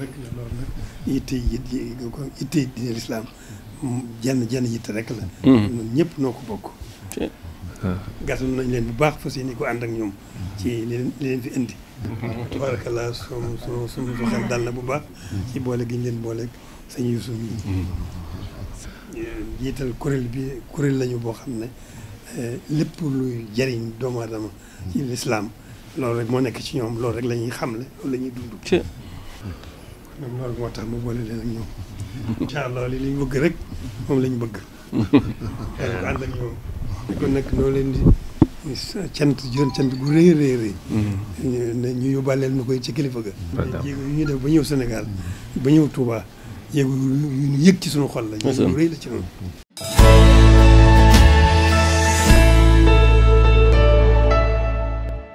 rek la loolu nag yitte yi yitte diine lislaam jenn jenn yitte rek la. Hmm. ñun ñëpp noo ko bokk. gàttal nañ leen bu baax fas yéene ko ànd ak ñoom. ci li leen li fi indi. tabarakallah sunu sunu sunu xel dal na bu baax. ci boole gi leen booleeg sëñ Yuusuf yi. Hmm. jiital kuréel bi kuréel lañu boo xam ne eh, lépp luy jariñ doomu aadama ci lislaam loolu rek moo nekk ci ñoom loolu rek la ñuy xamle loolu la ñuy ñoom loolu moo tax ma boole leen ak ñoom allah li ñu bëgg rek moom lañu bëgg. yàlla ko kon nag noo leen di cant jërë cant gu rëy a rëy mm-hmm. ñu ñu yóbbaaleel ñu koy ci kilifa ga. jéego yu ñuy def ba ñëw Sénégal ba ñëw Touba jéego yu ñu yëg ci suñu xol la. ñu rëy la ci noonu.